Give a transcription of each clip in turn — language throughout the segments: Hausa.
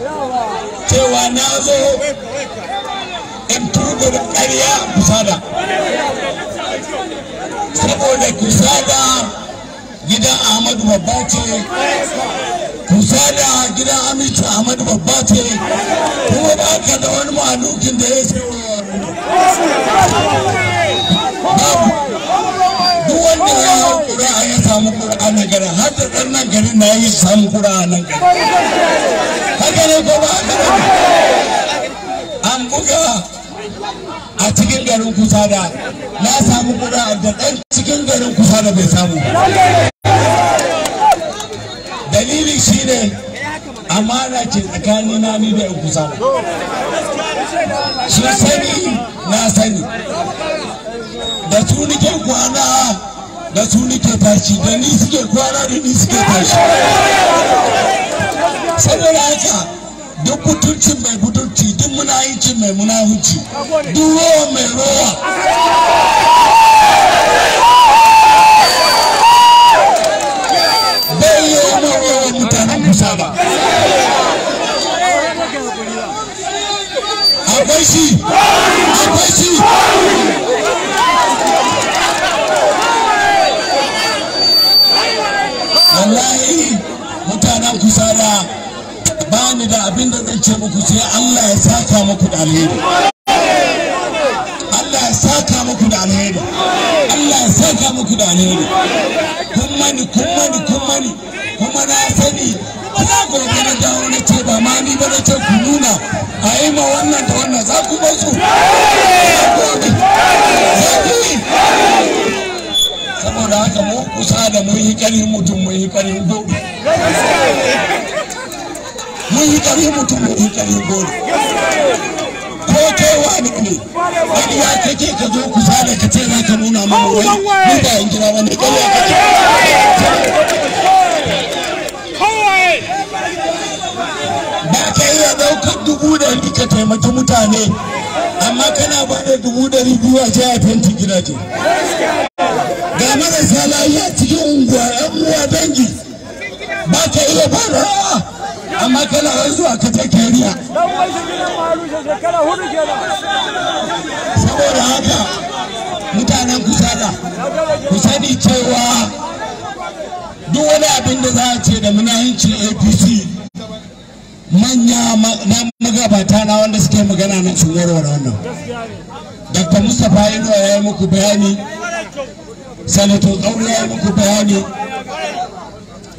cewa na zo in turgo da ƙarya kusada saboda kusada gidan ahmadu babba ce kusada gidan aminci ahmadu babba ce kuma ba ka da wani malukin da ya ce wa hadda ɗan garin na yi samun kura an buga a cikin garin kusa da na samu kura da ɗan cikin garin kusa da bai samu dalili shine amana ce tsakanin na ni da yan kusa su sani na sani da su nike kwana da su nike tashi da ni suke kwana da ni suke tashi saboda haka duk mutuncin mai mutunci duk munahincin mai munahici duk rowa mai rowa bai yi wa mutanen kusa ba akwai shi ce muku sai Allah ya saka muku da alheri Allah ya saka muku da alheri Allah ya saka muku da alheri kun mani kun mani kun mani kuma na sani ba za ku na dawo na ce ba ma ni ba na ce ku nuna a yi ma wannan da wannan za ku ba su saboda haka mu kusa da mun yi ƙarin mutum mun yi ƙarin gobe mun yi kare mutum mun yi kare goro ko kai wani ne wani ya kake ka zo ku sada ka ce za ka nuna mun wai ni ba yan jira ba ne ka ya ba ka iya daukar dubu dari ka taimaki mutane amma kana ba da dubu dari biyu a je a fenti gidaje ga marasa lafiya cikin unguwa yan uwa dangi ba ka iya ba amma kana ran zuwa ka ta kariya saboda haka mutanen kusada ku sani cewa duk wani abin da za a ce da munahincin apc manya na magabata na wanda suke magana na sun warware wannan dr mustapha inuwa ya yi muku bayani sanato tsauri ya yi muku bayani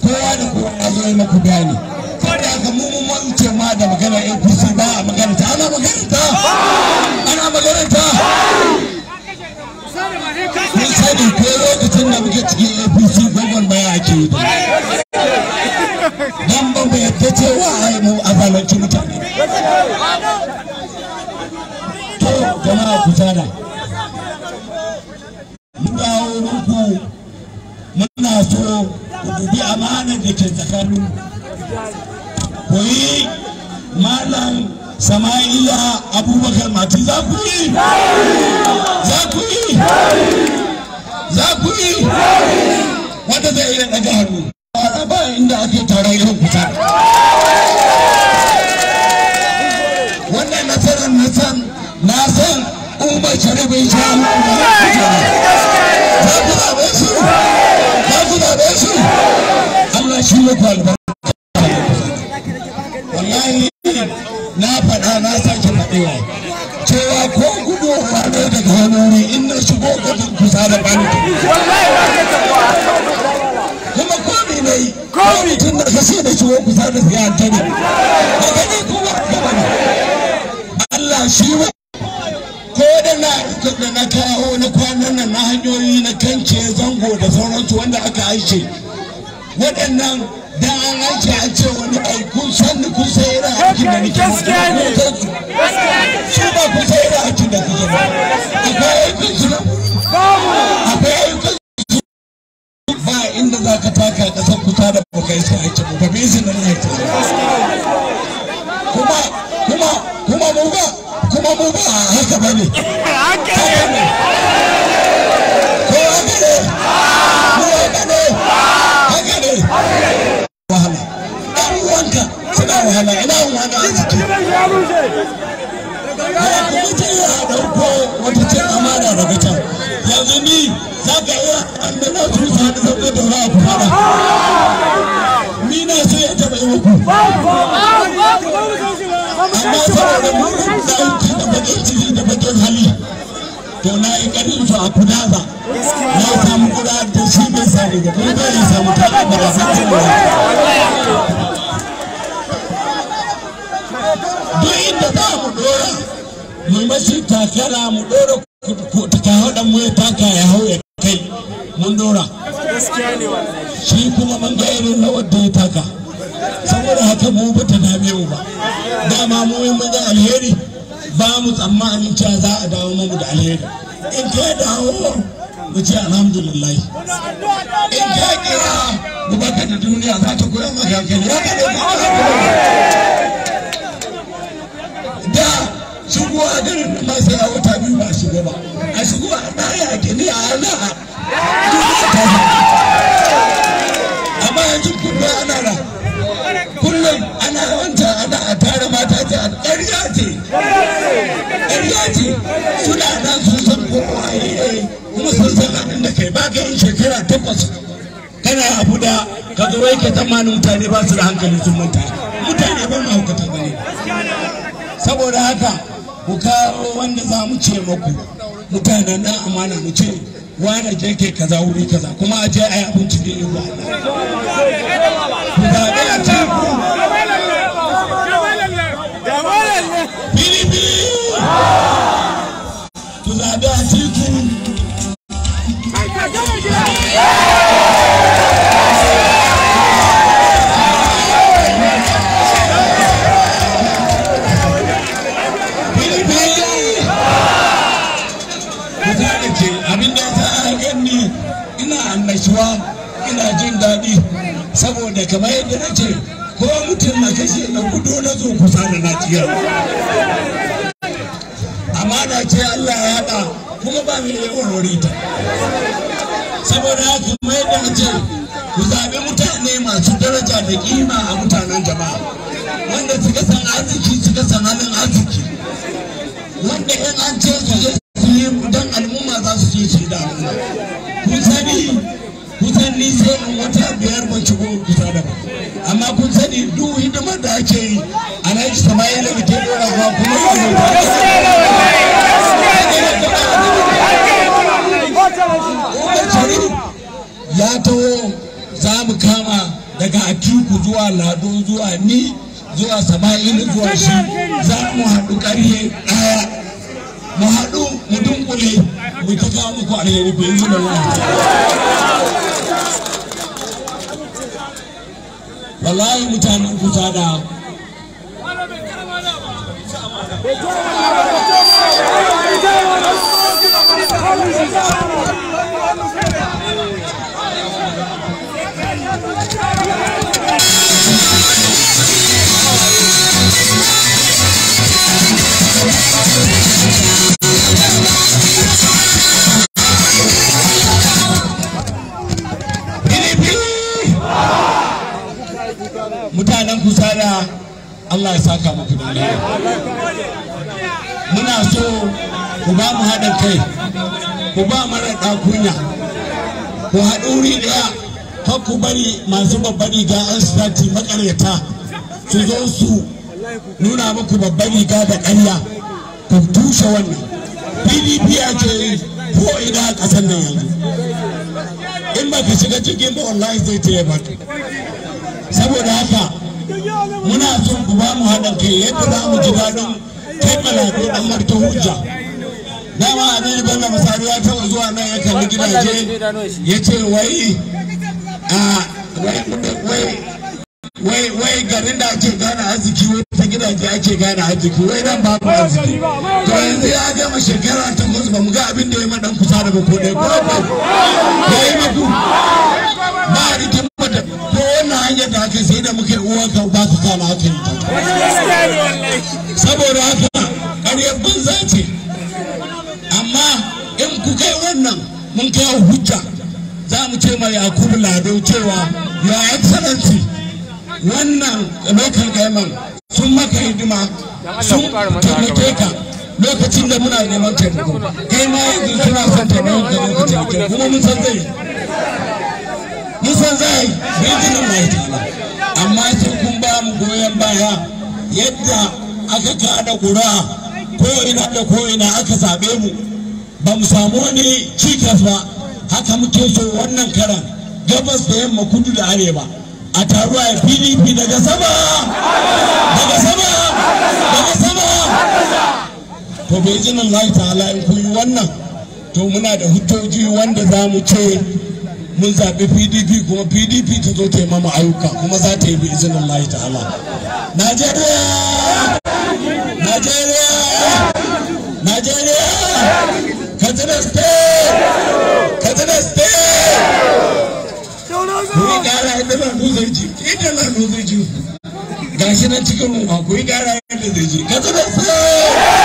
kowa da kowa ya zo yi muku bayani ko da aka mu mun wuce ma da magana APC ba a magana ta ana magana ta ana magana ta kun sani ko lokacin da muke cikin APC gwagwan baya ke yi dan ban mu yadda cewa ai mu azalanci mutane to jama'a ku tsara mun dawo muku muna so ku dubi amanar da ke tsakanin ku yi malam sama'ila abubakar mati za ku yi za ku yi za ku yi wanda zai iya daga hannu ba inda ake taron irin kuta wannan nasarar na san na san umar shari'a ya sha za ku zaɓe su za ku zaɓe su Allah shi ne ku albarka na faɗa na sake faɗewa cewa ko gudowa ne daga hannuni in na shigo gudun kusa da bani kuma komi ne ko mutum da kashe da shigo kusa da siya ta ne a gani kuma gaba ne Allah shi wa ko da na da na kawo na kwanan nan na hanyoyi na kance zango da sauransu wanda aka aishe waɗannan da an aishe a ce wani ai kun san aikin da nake ba akwai ba inda za ka taka kasar kuta da baka su sai aikin ba bai izinin aikin kuma kuma kuma mu ba kuma mu ba haka ba ne to na yi ƙarfin su a kudaza na samu kuda da shi ne sani da kuma bai na samu ta ba da sa ta ba duk inda za mu dora mu mashi takara mu dora ta haɗa mu ya taka ya hau ya kai mun dora shi kuma mun ga irin rawar da ya taka saboda haka mu ba ta dame mu ba dama mu yi mun ga alheri ba mu tsammanin cewa za a dawo mu da alheri in ka dawo mu ce alhamdulillah in ka kira mu baka da duniya za ta koya maka hankali ya ka ne da shigo a garin da ma sai a wata biyu ba shigo ba a shigo a ɗaya ke ni a hana duniya ta amma yanzu kuma ana ra kullum ana yawanci ana a tare mata ce a masallaci suna san kuma sun san abin da kai ba ka yin shekara takwas kana abu da ka zo wai ka tsammanin mutane ba su da hankali sun manta mutane ba mahaukata ba ne saboda haka ku kawo wanda za mu ce maku mutanen na amana mu ce wane je ke kaza wuri kaza kuma a je a yi abinci da yi ku zaɓe lafiya amana ce Allah ya haɗa kuma ba mai yawan ta. saboda haka mai da ce ku zaɓi mutane masu daraja da kima a mutanen jama'a wanda suka san arziki suka san halin arziki wanda in an ce su je su yi dan al'umma za su je su yi da kun sani kusan ni sai wata biyar ban shigo gusa da ba amma kun sani duk hidimar da ake yi sama samayi da muke dora ba kuma ya taho za mu kama daga atiku zuwa lado zuwa ni zuwa sama'il zuwa shi za mu haɗu ƙarye ɗaya mu haɗu mu dunkule mu ta kawo muku alheri bai yi da wani wallahi mutanen kuta da mutanen kusada Allah ya saka muku da muna so ku ba mu haɗin kai ku ba mara ɗakunya ku haɗu wuri ɗaya har ku bari masu babban riga an sati makaryata su zo su nuna muku babban riga da ƙarya ku tushe wannan pdp ya ce ko ina a ƙasar nan yanzu in ba ka shiga cikin ba wallahi zai ce ya saboda haka muna son ku ba mu haɗin kai yadda za mu ji daɗin kai malado ɗan marta hujja dama aminu bello misali ya taɓa zuwa nan ya kalli gidaje ya ce wai wai wai garin da ake gane arziki wai ta gidaje ake gane arziki wai nan ba mu arziki to yanzu ya gama shekara ta musu ba mu ga abin da ya ma ɗan kusa da ba ko dai ba ya yi maku ba rikin mutum hanyar da sai da muka uwa ka ba ka kana aka yi ta saboda haka ƙaryar banza ce amma in ku kai wannan mun kawo hujja za mu ce mai yakubu lado cewa ya excellency wannan local government sun maka hidima sun taimake ka lokacin da muna neman taimako kai ma yanzu suna son taimakon ka lokacin da kuma mun san zai kisan za a mai tala amma sai kun ba mu goyon baya yadda aka kada kura ina da ko'ina aka zaɓe mu ba mu samu wani cikas ba haka muke so wannan karan gabas da yamma kudu da arewa a taruwa ya pdp daga sama daga sama daga sama to bai jinin Allah ta'ala in kun yi wannan to muna da hutoji wanda za mu ce mun zaɓi pdp kuma pdp ta zo ta yi mama ayyuka kuma za ta yi bi izinin ta ta'ala najeriya najeriya najeriya katsina state katsina state ku yi ƙara yadda na nuzar ji yadda na nuzar ji gashi nan cikin ruwa ku yi gara yadda zai ji katsina state